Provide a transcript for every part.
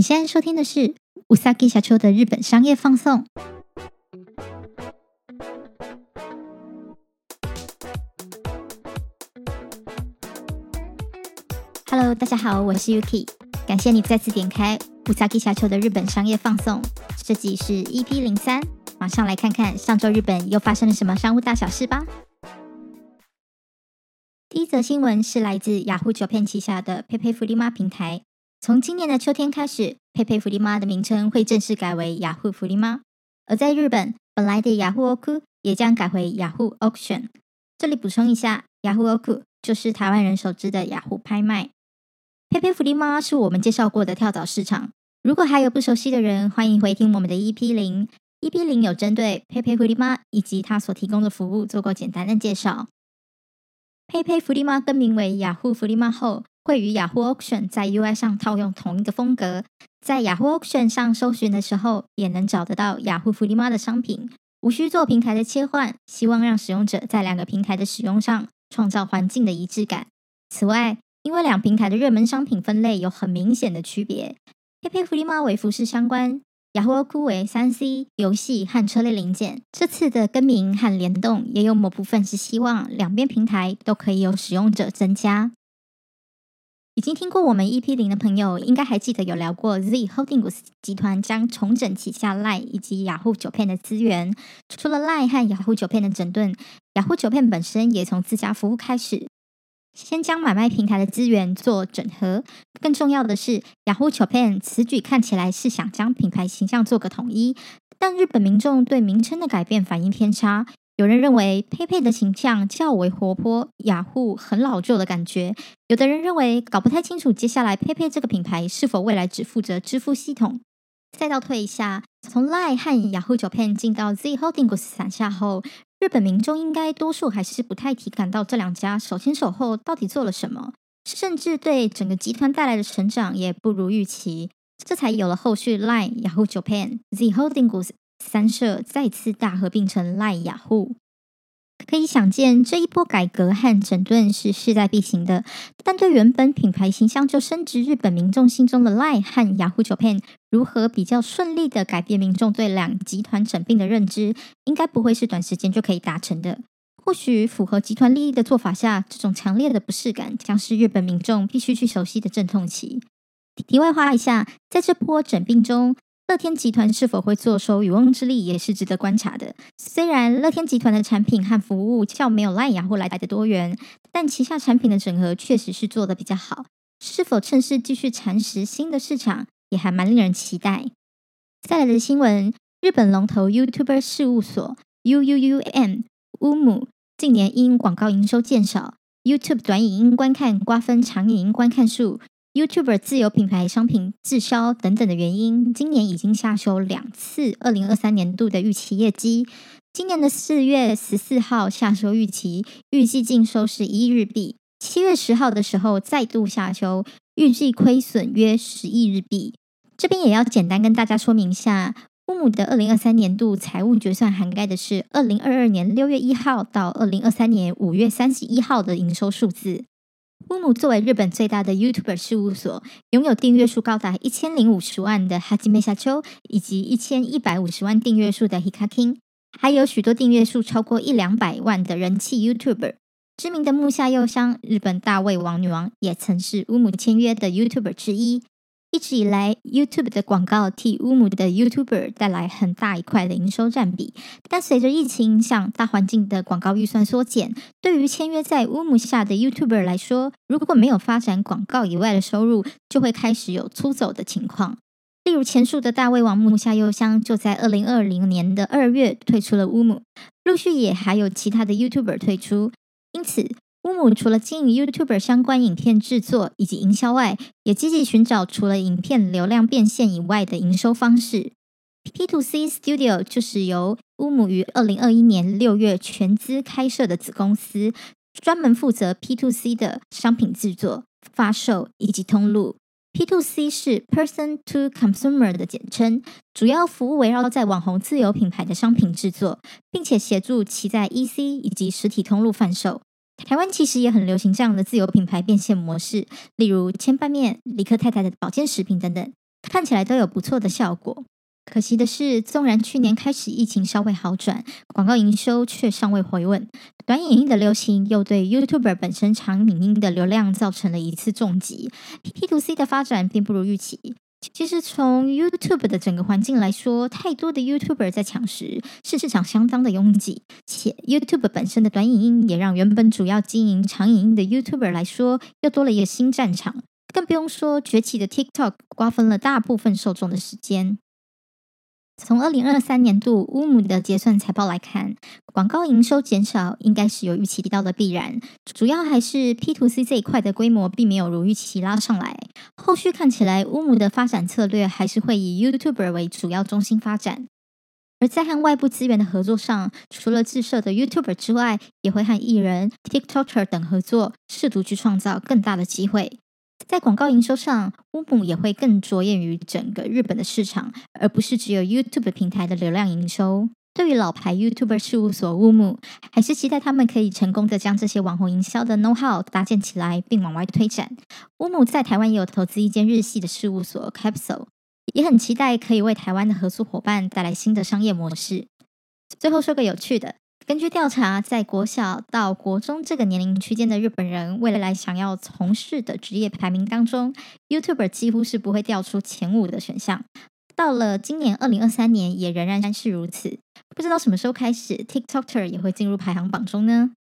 你現在收聽的是《烏薩基小丘》的日本商業放送。Hello，大家好，我是 Yuki，感謝你再次點開《烏薩基小丘》的日本商業放送。這集是 EP 零三，馬上來看看上周日本又發生了什麼商務大小事吧。第一則新聞是來自雅虎 Japan 旗下的 PayPay 福利媽平台。從今年的秋天開始，佩佩福利媽的名稱會正式改為雅虎福利媽。而在日本，本來的雅虎オーク也將改為雅虎オークション。這裡補充一下，雅虎オーク就是台灣人熟知的雅虎拍賣。佩佩福利媽是我們介紹過的跳蚤市場。如果還有不熟悉的人，歡迎回聽我們的 EP 零，EP 零有針對佩佩福利媽以及它所提供的服務做過簡單的介紹。佩佩福利瑪更名為雅虎福利瑪後，會與雅虎 Auction 在 UI 上套用同一個風格，在雅虎 Auction 上搜尋的時候，也能找得到雅虎福利瑪的商品，無需做平台的切換。希望讓使用者在兩個平台的使用上，創造環境的一致感。此外，因為兩平台的熱門商品分類有很明顯的區別，佩佩福利瑪為服飾相關。雅虎為三 C 遊戲和車類零件，這次的更名和聯動也有某部分是希望兩邊平台都可以有使用者增加。已經聽過我們 EP 零的朋友，應該還記得有聊過 Z Holding 公司集團將重整旗下 Line 以及雅虎酒片的資源。除了 Line 和雅虎酒片的整頓，雅虎酒片本身也從自家服務開始。先將買賣平台的資源做整合，更重要的是，Yahoo Japan 此舉看起來是想將品牌形象做個統一。但日本民眾對名稱的改變反應偏差，有人認為 PayPay 的形象較為活潑，雅虎很老舊的感覺；有的人認為搞不太清楚，接下來 PayPay 這個品牌是否未來只負責支付系統。再倒退一下，從 Line 和 Yahoo Japan 進到 Z Holdings 傘下後，日本民眾應該多數還是不太體感到這兩家手牽手後到底做了什麼，甚至對整個集團帶來的成長也不如預期，這才有了後續 LINE Yahoo Japan Z Holdings 三社再次大合併成 LINE Yahoo。可以想見，這一波改革和整頓是勢在必行的。但對原本品牌形象就深植日本民眾心中的 LINE 和 Yahoo Japan，如何比較順利地改變民眾對兩集團整併的認知，應該不會是短時間就可以達成的。或許符合集團利益的做法下，這種強烈的不適感將是日本民眾必須去熟悉的陣痛期。題外話一下，在這波整併中，樂天集團是否會坐收漁翁之利，也是值得觀察的。雖然樂天集團的產品和服務較沒有 LINE Yahoo 或來得多元，但旗下產品的整合確實是做得比較好。是否趁勢繼續蠶食新的市場，也還蠻令人期待。再來的新聞：日本龍頭 YouTuber 事務所 UUUM 烏姆近年因廣告營收減少，YouTube 短影音觀看，瓜分長影音觀看數、YouTuber 自有品牌商品滯銷等等的原因，今年已經下修兩次。二零二三年度的預期業績，今年的四月十四號下修預期，預計淨收十一億日幣；七月十號的時候再度下修，預計虧損約十億日幣。這邊也要簡單跟大家說明一下，烏姆的二零二三年度財務決算涵蓋的是二零二二年六月一號到二零二三年五月三十一號的營收數字。烏姆作為日本最大的 YouTuber 事務所，擁有訂閱數高達一千零五十萬的 Hajime Shacho 以及一千一百五十萬訂閱數的 Hikakin，還有許多訂閱數超過一兩百萬的人氣 YouTuber。知名的木下佑香、日本大胃王女王也曾是烏姆簽約的 YouTuber 之一。一直以來，YouTube 的廣告替烏姆的 YouTuber 帶來很大一塊的營收佔比。但隨着疫情影響，大環境的廣告預算縮減，對於簽約在烏姆下的 YouTuber 來說，如果沒有發展廣告以外的收入，就會開始有出走的情況。例如前述的大胃王木下悠香就在二零二零年的二月退出了烏姆，陸續也還有其他的 YouTuber 退出。因此烏姆除了經營 YouTuber 相關影片制作以及營銷外，也積極尋找除了影片流量變現以外的營收方式。P to C Studio 就是由烏姆於二零二一年六月全資開設的子公司，專門負責 P to C 的商品制作、發售以及通路。P to C 是 Person to Consumer 的簡稱，主要服務圍繞在網紅自有品牌的商品制作，並且協助其在 EC 以及實體通路販售。台灣其實也很流行這樣的自有品牌變現模式，例如千拌麵、理科太太的保健食品等等，看起來都有不錯的效果。可惜的是，縱然去年開始疫情稍微好轉，廣告營收卻尚未回穩。短影音的流行又對 YouTuber 本身長影音的流量造成了一次重擊，PP to C 的發展並不如預期。其實，從 YouTube 的整個環境來說，太多的 YouTuber 在搶食，是市場相當的擁擠。且 YouTube 本身的短影音也讓原本主要經營長影音的 YouTuber 來說，又多了一個新戰場。更不用說崛起的 TikTok，瓜分了大部分受眾的時間。從二零二三年度烏姆的結算財報來看，廣告營收減少應該是有預期提到的必然，主要還是 P to C 這一塊的規模並沒有如預期拉上來。後續看起來烏姆的發展策略還是會以 YouTuber 為主要中心發展，而在和外部資源的合作上，除了自設的 YouTuber 之外，也會和藝人 TikToker 等合作，試圖去創造更大的機會。在廣告營收上，UUUM 也會更着眼於整個日本的市場，而不是只有 YouTube 平台的流量營收。對於老牌 YouTuber 事務所 UUUM，還是期待他們可以成功的將這些網紅營銷的 know how 搭建起來，並往外推展。UUUM 在台灣也有投資一間日系的事務所 Capsule，也很期待可以為台灣的合作伙伴帶來新的商業模式。最後說個有趣的。根據調查，在國小到國中這個年齡區間的日本人未來想要從事的職業排名當中，YouTuber 幾乎是不會掉出前五的選項。到了今年二零二三年，也仍然是如此。不知道什麼時候開始，TikToker 也會進入排行榜中呢？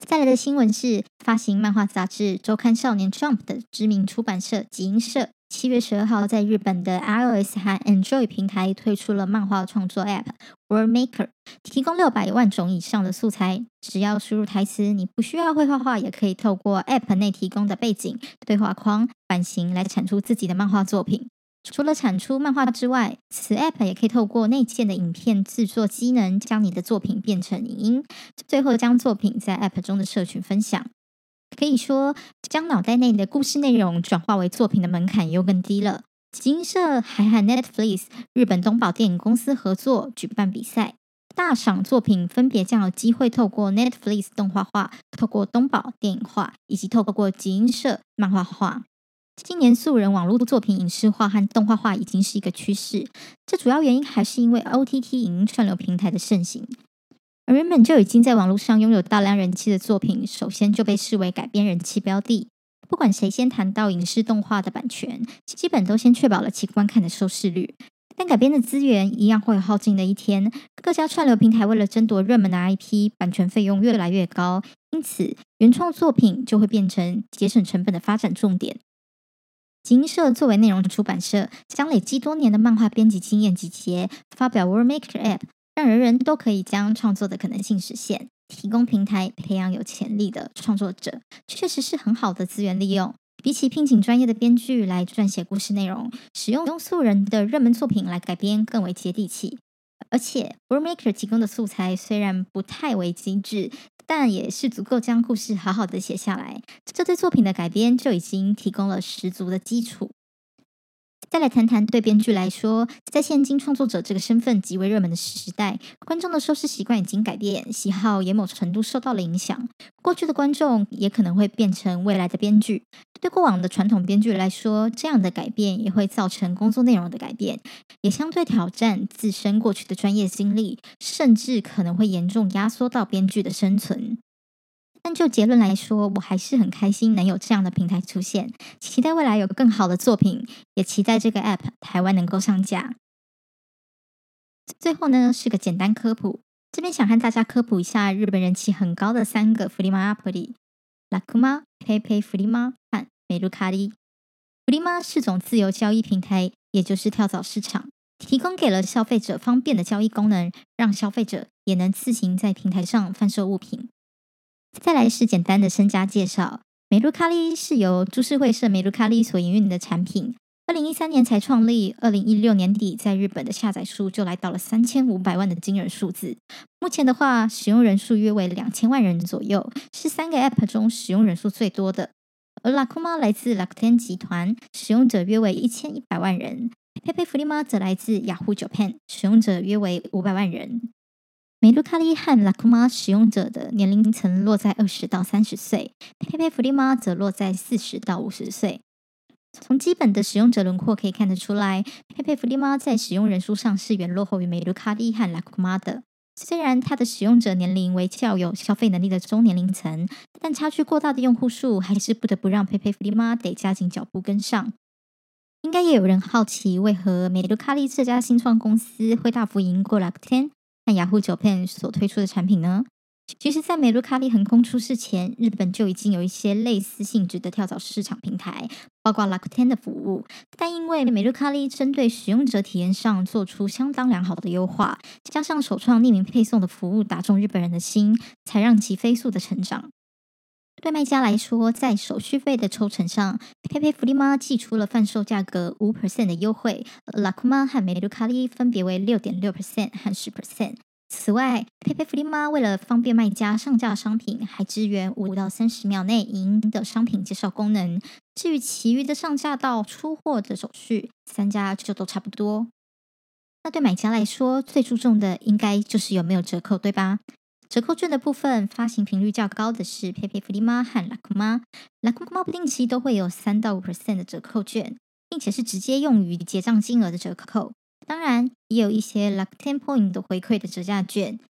再來的新聞是，發行漫畫雜誌周刊《少年 Jump》的知名出版社集英社，七月十二號在日本的 iOS 和 Android 平台推出了漫畫創作 App World Maker，提供六百萬種以上的素材，只要輸入台詞，你不需要會畫畫，也可以透過 App 內提供的背景、對話框、版型來產出自己的漫畫作品。除了產出漫畫之外，此 App 也可以透過內建的影片製作機能，將你的作品變成影音，最後將作品在 App 中的社群分享。可以說，將腦袋內的故事內容轉化為作品的門檻又更低了。集英社還和 Netflix、日本東寶電影公司合作舉辦比賽，大賞作品分別將有機會透過 Netflix 動畫化、透過東寶電影化，以及透過集英社漫畫化。今年素人網絡作品影視化和動畫化已經是一個趨勢，這主要原因還是因為 OTT 影音串流平台的盛行。而原本就已經在網絡上擁有大量人氣的作品，首先就被視為改編人氣標的。不管誰先談到影視動畫的版權，基本都先確保了其觀看的收視率。但改編的資源一樣會有耗盡的一天。各家串流平台為了爭奪熱門的 IP，版權費用越來越高，因此原創作品就會變成節省成本的發展重點。集英社作為內容的出版社，將累積多年的漫畫編輯經驗集結，發表 World Maker App，讓人人都可以將創作的可能性實現，提供平台培養有潛力的創作者，確實是很好的資源利用。比起聘請專業的編劇來撰寫故事內容，使用用素人的熱門作品來改編，更為接地氣。而且，World Maker 提供的素材雖然不太為精致，但也是足夠將故事好好的寫下來。這對作品的改編就已經提供了十足的基礎。再來談談對編劇來說，在現今創作者這個身份極為熱門的時代，觀眾的收視習慣已經改變，喜好也某程度受到了影響。過去的觀眾也可能會變成未來的編劇。對過往的傳統編劇來說，這樣的改變也會造成工作內容的改變，也相對挑戰自身過去的專業經歷，甚至可能會嚴重壓縮到編劇的生存。但就結論來說，我還是很開心能有這樣的平台出現，期待未來有個更好的作品，也期待這個 App 台灣能夠上架。最後呢，是個簡單科普，這邊想和大家科普一下日本人氣很高的三個福利 m App 裡，拉 m a PayPay 福利 a 和美露卡 i 福利 a 是種自由交易平台，也就是跳蚤市場，提供給了消費者方便的交易功能，讓消費者也能自行在平台上販售物品。再來是簡單的身家介紹。美露咖喱是由株式會社美露咖喱所營運的產品，二零一三年才創立，二零一六年底在日本的下載數就來到了三千五百萬的驚人數字。目前的話，使用人數約為兩千萬人左右，是三個 App 中使用人數最多的。而拉酷嗎來自 l 拉克天集團，使用者約為一千一百萬人。佩佩福利 a 則來自雅虎 Japan，使用者約為五百萬人。美露卡利和拉庫瑪使用者的年齡層落在二十到三十歲，佩佩弗利瑪則落在四十到五十歲。從基本的使用者輪廓可以看得出來，佩佩弗利瑪在使用人數上是遠落後於美露卡利和拉庫瑪的。雖然它的使用者年齡為較有消費能力的中年齡層，但差距過大的用戶數還是不得不讓佩佩弗利瑪得加緊腳步跟上。應該也有人好奇，為何美露卡利這家新創公司會大幅贏過樂天？那雅虎酒店 p n 所推出的產品呢？其實，在美露卡利橫空出世前，日本就已經有一些類似性質的跳蚤市場平台，包括 LuckTen 的服務。但因為美露卡利針對使用者體驗上做出相當良好的優化，加上首創匿名配送的服務打中日本人的心，才讓其飛速的成長。對賣家來說，在手續費的抽成上，PayPay 福利瑪祭出了販售價格五 percent 的優惠，Lakuma 和 Mercari 分別為六點六 percent 和十 percent。此外，PayPay 福利瑪為了方便賣家上架商品，還支援五到三十秒內影音的商品介紹功能。至於其餘的上架到出貨的手續，三家就都差不多。那對買家來說，最注重的應該就是有沒有折扣，對吧？折扣券的部分，發行頻率較高的是 PayPay Frima 和 Rakuma。Rakuma 不定期都會有三到五 percent 的折扣券，並且是直接用於結賬金額的折扣。當然，也有一些 Rakuten Point 的回饋的折價券。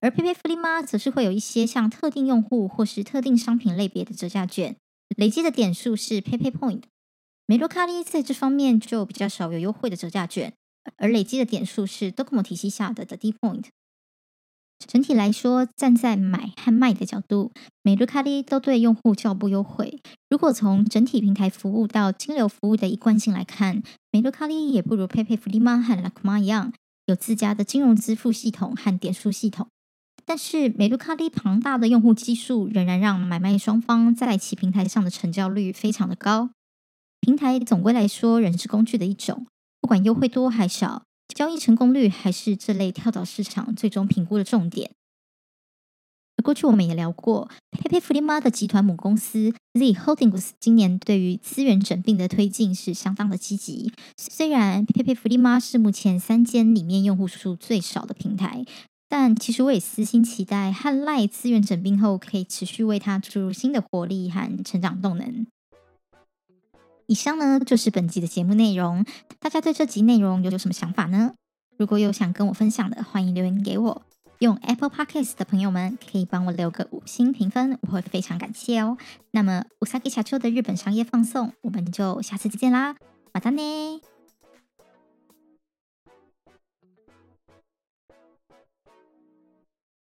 而 PayPay Frima 則是會有一些像特定用戶或是特定商品類別的折價券，累積的點數是 PayPay Point。美洛卡利在這方面就比較少有優惠的折價券，而累積的點數是 Docomo 體系下的的 D Point。整體來說，站在買和賣的角度，美樂卡利都對用戶較不優惠。如果從整體平台服務到金流服務的一貫性來看，美樂卡利也不如 PayPay フリマ和ラクマ一樣有自家的金融支付系統和點數系統。但是，美樂卡利龐大的用戶基數仍然讓買賣雙方在其平台上的成交率非常的高。平台總歸來說，仍是工具的一種，不管優惠多還少。交易成功率還是這類跳蚤市場最終評估的重點。過去我們也聊過，PayPay フリマ的集團母公司 Z Holdings 今年對於資源整併的推進是相當的積極。雖然 PayPay フリマ是目前三間裡面用戶數最少的平台，但其實我也私心期待和 LINE 資源整併後可以持續為它注入新的活力和成長動能。以上呢，就是本集的節目內容，大家對這集內容又有什麼想法呢？如果有想跟我分享的，歡迎留言給我。用 Apple Podcast 的朋友們可以幫我留個五星評分，我會非常感謝哦。那麼，五三 K 小秋的日本商業放送，我們就下次再見啦，またね